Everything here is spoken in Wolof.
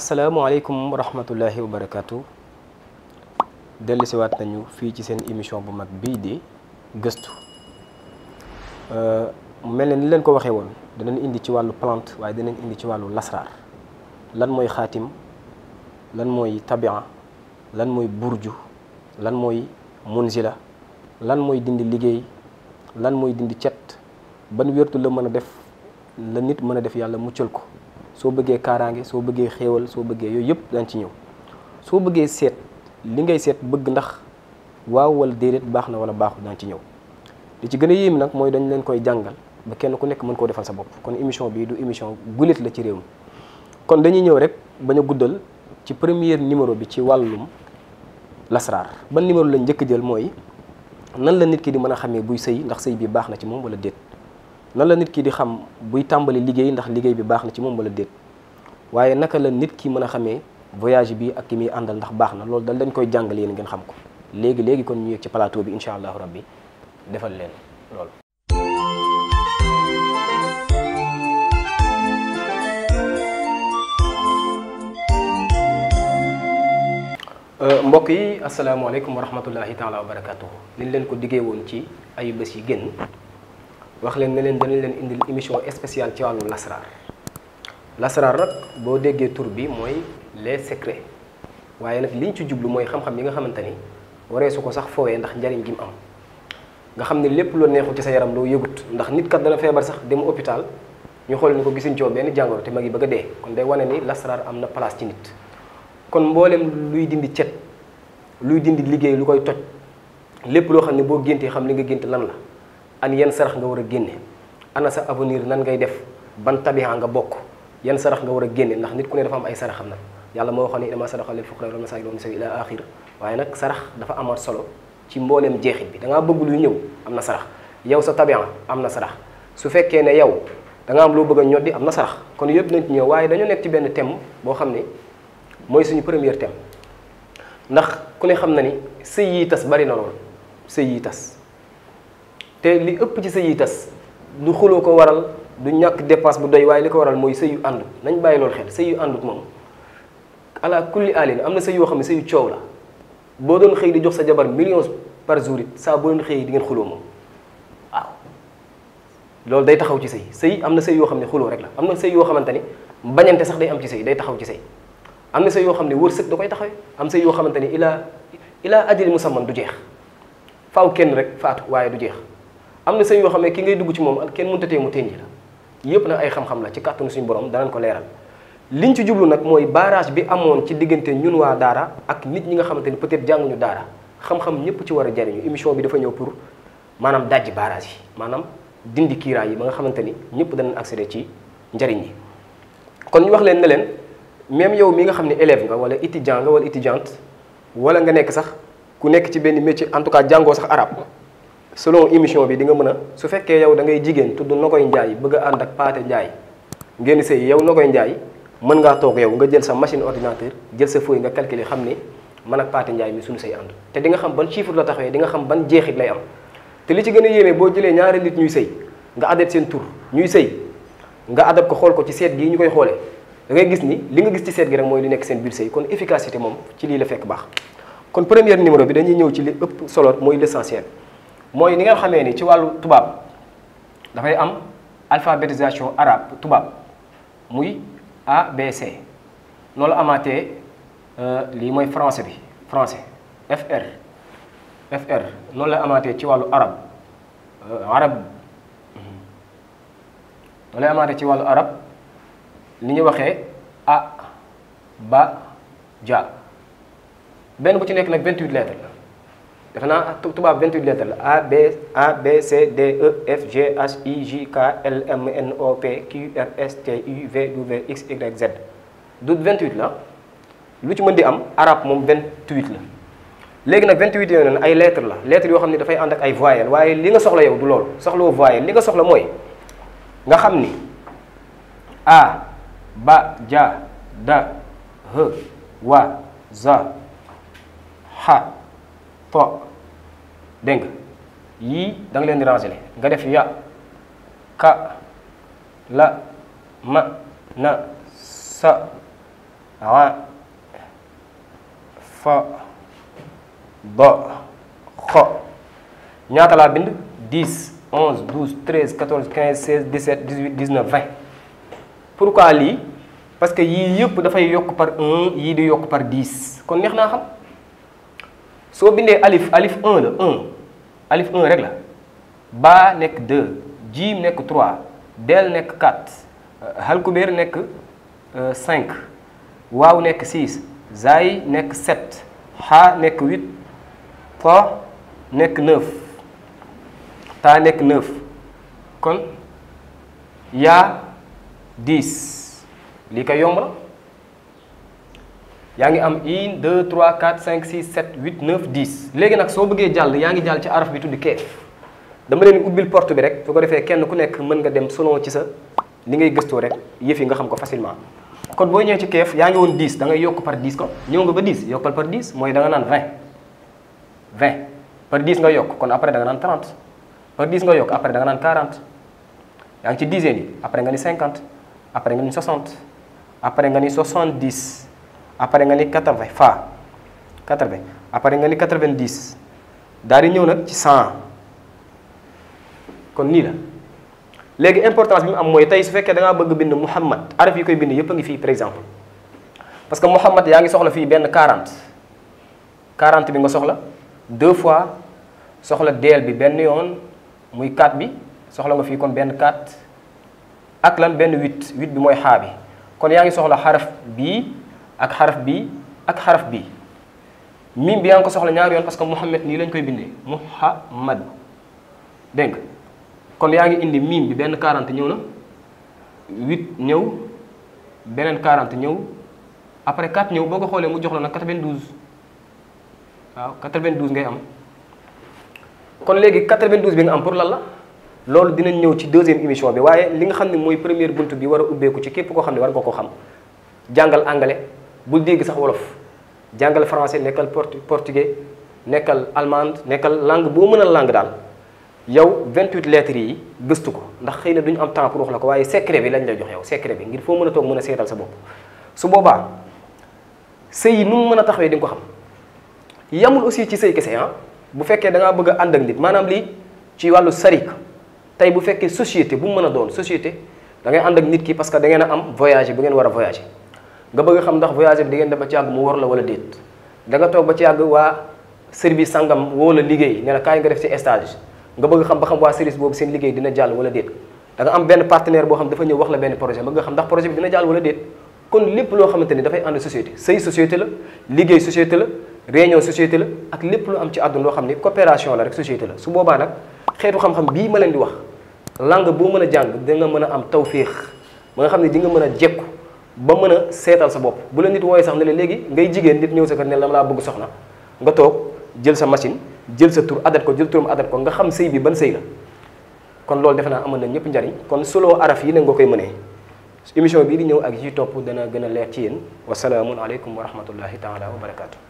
asalaamualeykum wa rahmatullahi wa barakaatu dellusiwaat nañu fii ci seen émission bu mag bii di gëstu mu euh, mel ne ni leen ko waxee woon danañ indi ci wàllu plante waaye dana indi ci wàllu lasraar lan mooy xaatim lan mooy tabia lan mooy burju lan mooy munzila lan mooy dindi liggéey lan mooy dindi cet ban wértu la mën a def la nit mën a def yàlla muccal ko soo bëggee kaaraange soo bëggee xéewal soo bëggee yooyu yëpp dañ ci ñëw soo bëggee seet li ngay seet bëgg ndax waaw wala déedéet baax na wala baaxul dañ ci ñëw li ci gën a yéem nag mooy dañu leen koy jàngal ba kenn ku nekk mën koo defal sa bopp kon émission bi du émission gulit la ci réew mi kon dañuy ñëw rek bañ a guddal ci premier numéro bi ci wàllum lasraar ban numéro lañ njëkk jël mooy nan la nit ki di mën a xamee buy sëy ndax sëy bi baax na ci moom wala déet nan la nit ki di xam buy tàmbali liggéey ndax liggéey bi baax na ci moom ba la déet waaye naka la nit ki mën a xamee voyage bi ak ki muy àndal ndax baax na lool dal dañ koy jàngal yéen ngeen xam ko léegi léegi kon ñu yegg ci palato bi incha allahu rabbi defal leen lool euh, mbokk yi asalaamaaleykum wa rahmatullahi taala wa barakatuh liñ leen ko liggéey woon ci ay bés yi génn. wax leen ne leen danañ leen indil émission spéciale ci wàllu lasaraar lasaraar nag boo déggee tur bi mooy les secrets waaye nag liñ ci jublu mooy xam-xam yi nga xamante ni waree su ko sax foowee ndax njariñ gi mu am nga xam ne lépp loo neexul ci sa yaram loo yëgut ndax nit kat dana feebar sax dem hôpital ñu xool ni ko gisuñ coow benn jàngoro te mag yi bëgg a dee kon day wane ni lasaraar am na place ci nit kon mboolem luy dindi cet luy dindi liggéey lu koy toj lépp loo xam ne boo géntee xam li nga gént lan la an yan sarax nga war a génne ana sa avenir nan ngay def ban tabiha nga bokk yan sarax nga war a génne ndax nit ku ne dafa am ay saraxam nag yàlla moo waxoon ne innama sadaqa lil fuqara wal masaakin wan nisaa ila axir waaye nag sarax dafa amaat solo ci mbooleem jeexit bi da ngaa ñëw am na sarax yow sa tabiha am na sarax su fekkee ne yow da nga am loo bëgg a ñoddi am na sarax kon yëpp nañ ci ñëw waaye dañoo nekk ci benn thème boo xam ne mooy suñu premier thème ndax ku ne xam na ni sëy yi tas bari na lool sëy yi tas te li ëpp ci sëy yi tas du xuloo ko waral du ñàkk dépense bu doy waaye li ko waral mooy sëy yu àndut nañ bàyyi loolu xel sëy yu àndut moom ala kulli alin am na sëy yoo xam ne sëy coow la boo doon xëy di jox sa jabar millions par jour saa boo doon xëy di ngeen xuloo loolu day taxaw ci sëy sëy am na sëy yoo xam ne xuloo rek la am na sëy yoo xamante ni bañante sax day am ci sëy day taxaw ci sëy am na sëy yoo xam ne wërsëg da koy taxawee am sëy yoo xamante ni ilaa ilaa ajali musamman du jeex faw kenn rek faatu waaye du jeex am na sëñ yoo xam ne ki ngay dugg ci moom ak kenn mënta tee mu ténji la yëpp na ay xam-xam la ci kàttanu suñu borom danañ ko leeral liñ ci jublu nag mooy barrage bi amoon ci diggante ñun waa daara ak nit ñi nga xamante ni peut-être jànguñu daara xam-xam ñëpp ci war a jariñu émission bi dafa ñëw pour maanaam dajji barrage yi maanaam dindi kiiraay yi ba nga xamante ni ñëpp danañ accéder ci njariñ yi kon ñu wax leen na leen même yow mi nga xam ne élève nga wala étudiant nga wala étudiante wala nga nekk sax ku nekk ci benn métier en tout cas jàngoo sax arabe selon émission bi di nga mën a su fekkee yow da ngay jigéen tudd Nogaye njaay bëgg a ànd ak Pathé Ndiaye ngeen sëy yow Nogaye Ndiaye mën ngaa toog yow nga jël sa machine ordinateur jël sa feuille nga calculer xam ni man ak Pathé Ndiaye mi suñu sëy ànd te di nga xam ban chiffre la taxawee di nga xam ban jeexit lay am te li ci gën a yéeme boo jëlee ñaari nit ñuy sëy nga adet seen tour ñuy sëy nga adab ko xool ko ci seet gii ñu koy xoolee da gis ni li nga gis ci seet gi mooy li nekk seen biir sëy kon efficacité moom ci lii la fekk baax kon première numéro bi dañuy ñëw ci li ëpp solo mooy l'essentiel mooy ni nga xamee ni ci wàllu tubaab dafay am alphabétisation arabe tubaab muy ABC noonu la amaatee euh, lii mooy français bi français FR FR noonu la amaatee ci wàllu arab euh, arab mm-hmm. noonu la amaatee ci wàllu arab li ñu waxee a ba ja benn bu ci nekk nag 28 lettres la defe naa tubaab 28 lettres la A B A B C D E F G H I J K L M N O P Q R S T U V W X Y Z du 28 la lu ci mën di am arabe moom 28 la léegi nag 28 yooyu noonu ay lettres la lettres yoo xam ne dafay ànd ak ay voyelles waaye li nga soxla yow du loolu soxlawoo voyelle li nga soxla mooy nga xam ni A ba ja da h wa za ha po dégg nga yii da leen di rangele nga def ya ka la ma na sa a fa ba xo ñaata laa bind 10 11 12 13 14 15 16 17 18 19 20 pourquoi lii parce que yii yëpp dafay yokk par 1 yii di yokk par 10 kon neex naa xam soo bindee alif alif 1 la 1 alif 1 rek la nekk 2 jiim nekk 3 del nekk 4 halkubeer euh, nekk 5 euh, waaw nekk 6 zaay nekk 7 xaa nekk 8 to nekk 9 taa nekk 9 kon yaa 10 lii kay yomb yaa ngi am une deux trois quatre cinq six sept huit neuf dix léegi nag soo bëggee jàll yaa ngi jàll ci araf bi tudd keef dama leen ubbil porte bi rek su ko defee kenn ku nekk mën nga dem solo ci sa li ngay gëstoo rek yëf yi nga xam ko facilement kon boo ñëwee ci keef yaa ngi woon dix da yokk par dix ko ñëw nga ba dix yokkal par dix mooy da nga naan vingt vingt par dix nga yokk kon après da nga naan trente par dix nga yokk après da nga naan quarante yaa ngi ci dizaine yi après nga ni cinquante après nga ni soixante après nga ni soixante après nga ni 80 fa 80 après nga ni 90 daal di ñëw nag ci 100 kon nii la léegi importance bi mu am mooy tey su fekkee da bëgg bind Muhammad araf yi koy bind yëpp a ngi fii par exemple parce que Muhammad yaa ngi soxla fii benn 40 40 bi nga soxla deux fois soxla deel bi benn yoon muy 4 bi soxla nga fii kon benn 4 ak lan benn 8 8 bi mooy xaa bi kon yaa ngi soxla xaraf bii. ak xaraf bi ak xaraf bi mim bi yaa ngi ko soxla ñaari yoon parce que Muhammad nii lañ koy bindee Muhammad dégg nga kon yaa ngi indi mim bi benn 40 ñëw na 8 ñëw beneen 40 ñëw après 4 ñëw boo ko xoolee mu jox la nag 92 waaw 92 ngay am kon léegi 92 bi nga am pour lan la loolu dinañ ñëw ci deuxième émission bi waaye li nga xam ne mooy première bunt bi war a ubbeeku ci képp koo xam ne war nga ko xam jàngal anglais. bul dégg sax wolof jàngal français nekkal portu portugais nekkal allemande nekkal langue boo mën a langue daal yow 28 lettres yi gëstu ko ndax xëy na duñu am temps pour la ko waaye secret bi lañ lay jox yow secret bi ngir foo mën a toog mën a seetal sa bopp su boobaa sëy yi nu mu mën a taxawee di nga ko xam yamul aussi ci sëy kese ah bu fekkee da bëgg ànd ak nit maanaam lii ci wàllu sarik tey bu fekkee société bu mu mën a doon société da ànd ak nit ki parce que da am voyagé bu war a voyagé nga bëgg xam ndax voyage bi di ngeen dem ba ci yàgg mu war la wala déet da nga toog ba ci yàgg waa service sangam woo la liggéey ne la kaay nga def ci stage nga bëgg xam ba xam waa service boobu seen liggéey dina jàll wala déet da am benn partenaire boo xam dafa ñëw wax la benn projet bëgg nga xam ndax projet bi dina jàll wala déet kon lépp loo xamante ni dafay ànd société sëy société la liggéey société la réunion société la ak lépp lu am ci àdduna loo xam ni coopération la rek société la su boobaa xeetu xam-xam ma leen di wax langue boo mën a jàng da nga mën a am tawféex ba nga xam ne di nga mën a jekku ba mën a seetal sa bopp bu la nit wooyee sax ne la léegi ngay jigéen nit ñëw sa kër ne la laa bëgg soxna nga toog jël sa machine jël sa tur adat ko jël turam adat ko nga xam sëy bi ban sëy la kon loolu defe naa amoon na ñëpp njariñ kon solo araf yi ne nga koy mënee émission bii di ñëw ak yi topp dana gën a leer ci yéen wasalaamun aleykum wa rahmatullahi taala wa barakaatu.